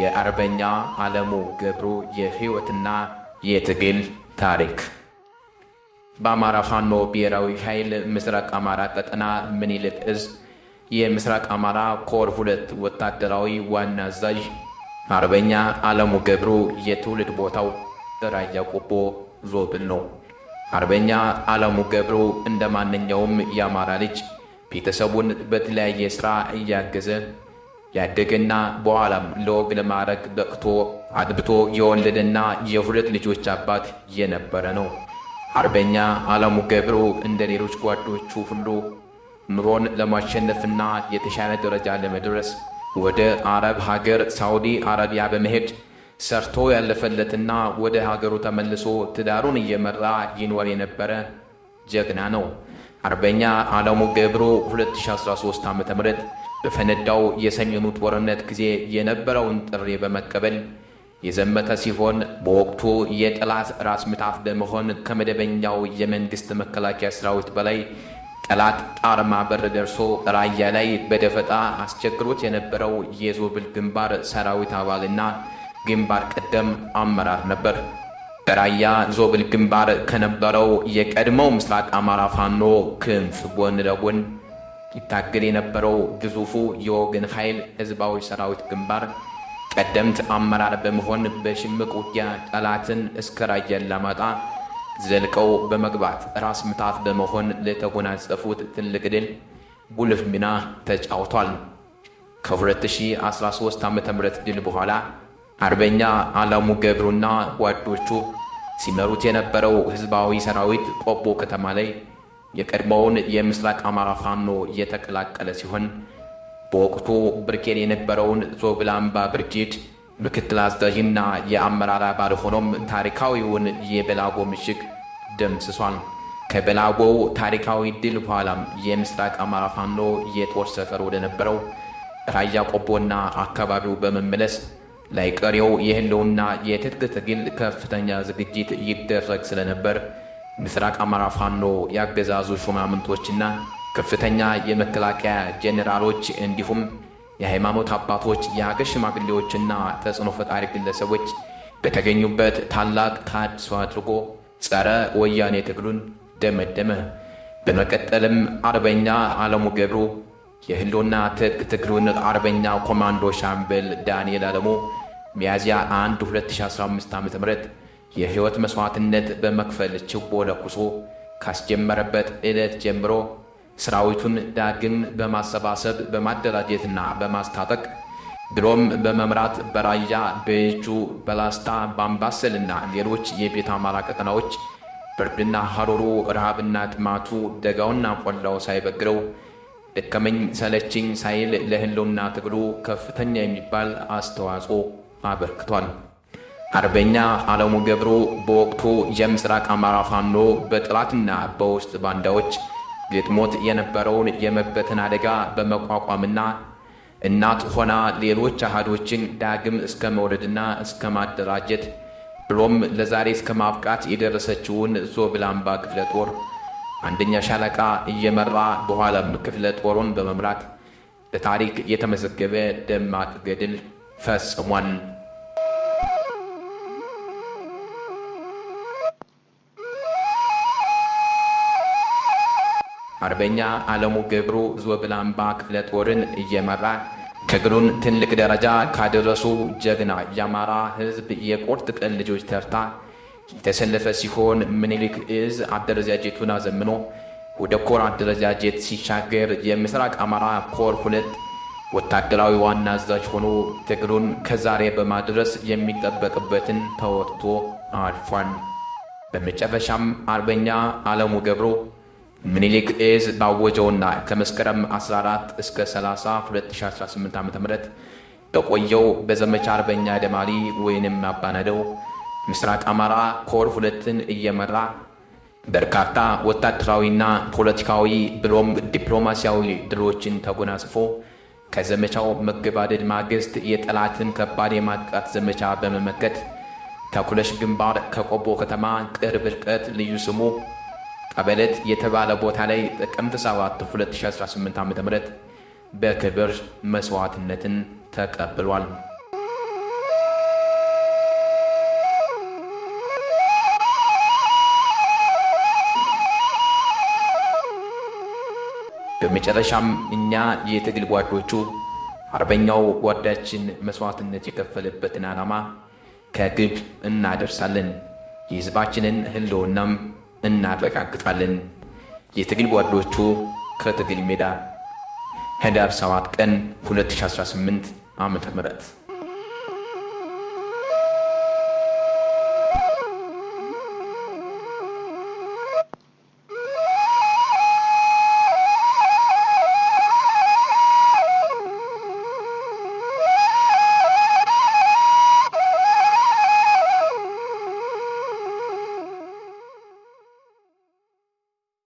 የአርበኛ ዓለሙ ገብሩ የህይወትና የትግል ታሪክ በአማራ ፋኖ ብሔራዊ ኃይል ምስራቅ አማራ ቀጠና ምኒልክ እዝ የምስራቅ አማራ ኮር ሁለት ወታደራዊ ዋና አዛዥ አርበኛ ዓለሙ ገብሩ የትውልድ ቦታው ራያ ቆቦ ዞብል ነው። አርበኛ ዓለሙ ገብሩ እንደ ማንኛውም የአማራ ልጅ ቤተሰቡን በተለያየ ሥራ እያገዘ ያደገና በኋላም ለወግ ለማዕረግ በቅቶ አግብቶ የወለደና የሁለት ልጆች አባት የነበረ ነው። አርበኛ ዓለሙ ገብሩ እንደ ሌሎች ጓዶቹ ሁሉ ኑሮን ለማሸነፍና የተሻለ ደረጃ ለመድረስ ወደ አረብ ሀገር ሳውዲ አረቢያ በመሄድ ሰርቶ ያለፈለትና ወደ ሀገሩ ተመልሶ ትዳሩን እየመራ ይኖር የነበረ ጀግና ነው። አርበኛ ዓለሙ ገብሩ 2013 ዓ.ም በፈነዳው የሰሜኑ ጦርነት ጊዜ የነበረውን ጥሪ በመቀበል የዘመተ ሲሆን በወቅቱ የጠላት ራስ ምታት በመሆን ከመደበኛው የመንግስት መከላከያ ሰራዊት በላይ ጠላት ጣርማ በር ደርሶ ራያ ላይ በደፈጣ አስቸግሮት የነበረው የዞብል ግንባር ሰራዊት አባልና ግንባር ቀደም አመራር ነበር። በራያ ዞብል ግንባር ከነበረው የቀድሞው ምስራቅ አማራ ፋኖ ክንፍ ጎን ለጎን ይታገል የነበረው ግዙፉ የወገን ኃይል ሕዝባዊ ሰራዊት ግንባር ቀደምት አመራር በመሆን በሽምቅ ውጊያ ጠላትን እስከ ራያ አላማጣ ዘልቀው በመግባት ራስ ምታት በመሆን ለተጎናጸፉት ትልቅ ድል ጉልፍ ሚና ተጫውቷል። ከ2013 ዓ ም ድል በኋላ አርበኛ አላሙ ገብሩና ጓዶቹ ሲመሩት የነበረው ሕዝባዊ ሰራዊት ቆቦ ከተማ ላይ የቀድሞውን የምስራቅ አማራ ፋኖ እየተቀላቀለ ሲሆን በወቅቱ ብርጌድ የነበረውን ዞብላምባ ብርጌድ ምክትል አዛዥና የአመራር አባል ሆኖም ታሪካዊውን የበላጎ ምሽግ ደምስሷል። ከበላጎው ታሪካዊ ድል በኋላም የምስራቅ አማራ ፋኖ የጦር ሰፈር ወደ ነበረው ራያ ቆቦና አካባቢው በመመለስ ላይቀሬው የህልውና የትጥቅ ትግል ከፍተኛ ዝግጅት ይደረግ ስለነበር ምስራቅ አማራ ፋኖ የአገዛዙ ሹማምንቶችና ከፍተኛ የመከላከያ ጄኔራሎች እንዲሁም የሃይማኖት አባቶች፣ የአገር ሽማግሌዎችና ተጽዕኖ ፈጣሪ ግለሰቦች በተገኙበት ታላቅ ታድሶ አድርጎ ጸረ ወያኔ ትግሉን ደመደመ። በመቀጠልም አርበኛ አለሙ ገብሩ የህልውና ትጥቅ ትግሉን አርበኛ ኮማንዶ ሻምበል ዳንኤል አለሙ ሚያዝያ 1 2015 ዓ.ም የሕይወት መሥዋዕትነት በመክፈል ችቦ ለኩሶ ካስጀመረበት ዕለት ጀምሮ ሰራዊቱን ዳግም በማሰባሰብ በማደራጀትና በማስታጠቅ ብሎም በመምራት በራያ በእጁ፣ በላስታ በአምባሰልና ሌሎች የቤት አማራ ቀጠናዎች ብርድና ሐሩሩ ረሃብና ጥማቱ ደጋውና ቆላው ሳይበግረው ደከመኝ ሰለችኝ ሳይል ለህልውና ትግሉ ከፍተኛ የሚባል አስተዋጽኦ አበርክቷል። አርበኛ አለሙ ገብሩ በወቅቱ የምስራቅ አማራ ፋኖ በጥላትና በውስጥ ባንዳዎች ግጥሞት የነበረውን የመበተን አደጋ በመቋቋምና እናት ሆና ሌሎች አህዶችን ዳግም እስከ መውለድና እስከ ማደራጀት ብሎም ለዛሬ እስከ ማብቃት የደረሰችውን ዞብላምባ ክፍለ ጦር አንደኛ ሻለቃ እየመራ በኋላም ክፍለ ጦሩን በመምራት ለታሪክ የተመዘገበ ደማቅ ገድል ፈጽሟል። አርበኛ አለሙ ገብሩ ዞብላምባ ክፍለ ጦርን እየመራ ትግሉን ትልቅ ደረጃ ካደረሱ ጀግና የአማራ ሕዝብ የቁርጥ ቀን ልጆች ተርታ የተሰለፈ ሲሆን ምኒልክ እዝ አደረጃጀቱን አዘምኖ ወደ ኮር አደረጃጀት ሲሻገር የምስራቅ አማራ ኮር ሁለት ወታደራዊ ዋና አዛዥ ሆኖ ትግሉን ከዛሬ በማድረስ የሚጠበቅበትን ተወጥቶ አልፏል። በመጨረሻም አርበኛ አለሙ ገብሮ ምኒልክ እዝ ባወጀውና ከመስከረም 14 እስከ 30 2018 ዓ ም በቆየው በዘመቻ አርበኛ ደማሊ ወይንም አባነደው ምስራቅ አማራ ኮር ሁለትን እየመራ በርካታ ወታደራዊና ፖለቲካዊ ብሎም ዲፕሎማሲያዊ ድሎችን ተጎናጽፎ ከዘመቻው መገባደድ ማግስት የጠላትን ከባድ የማጥቃት ዘመቻ በመመከት ተኩለሽ ግንባር ከቆቦ ከተማ ቅርብ ርቀት ልዩ ስሙ ቀበለት የተባለ ቦታ ላይ ጥቅምት 7 2018 ዓ ም በክብር መስዋዕትነትን ተቀብሏል። በመጨረሻም እኛ የትግል ጓዶቹ አርበኛው ጓዳችን መስዋዕትነት የከፈለበትን ዓላማ ከግብ እናደርሳለን። የህዝባችንን ህልውናም እናረጋግጣለን። የትግል ጓዶቹ ከትግል ሜዳ ህዳር 7 ቀን 2018 ዓ ም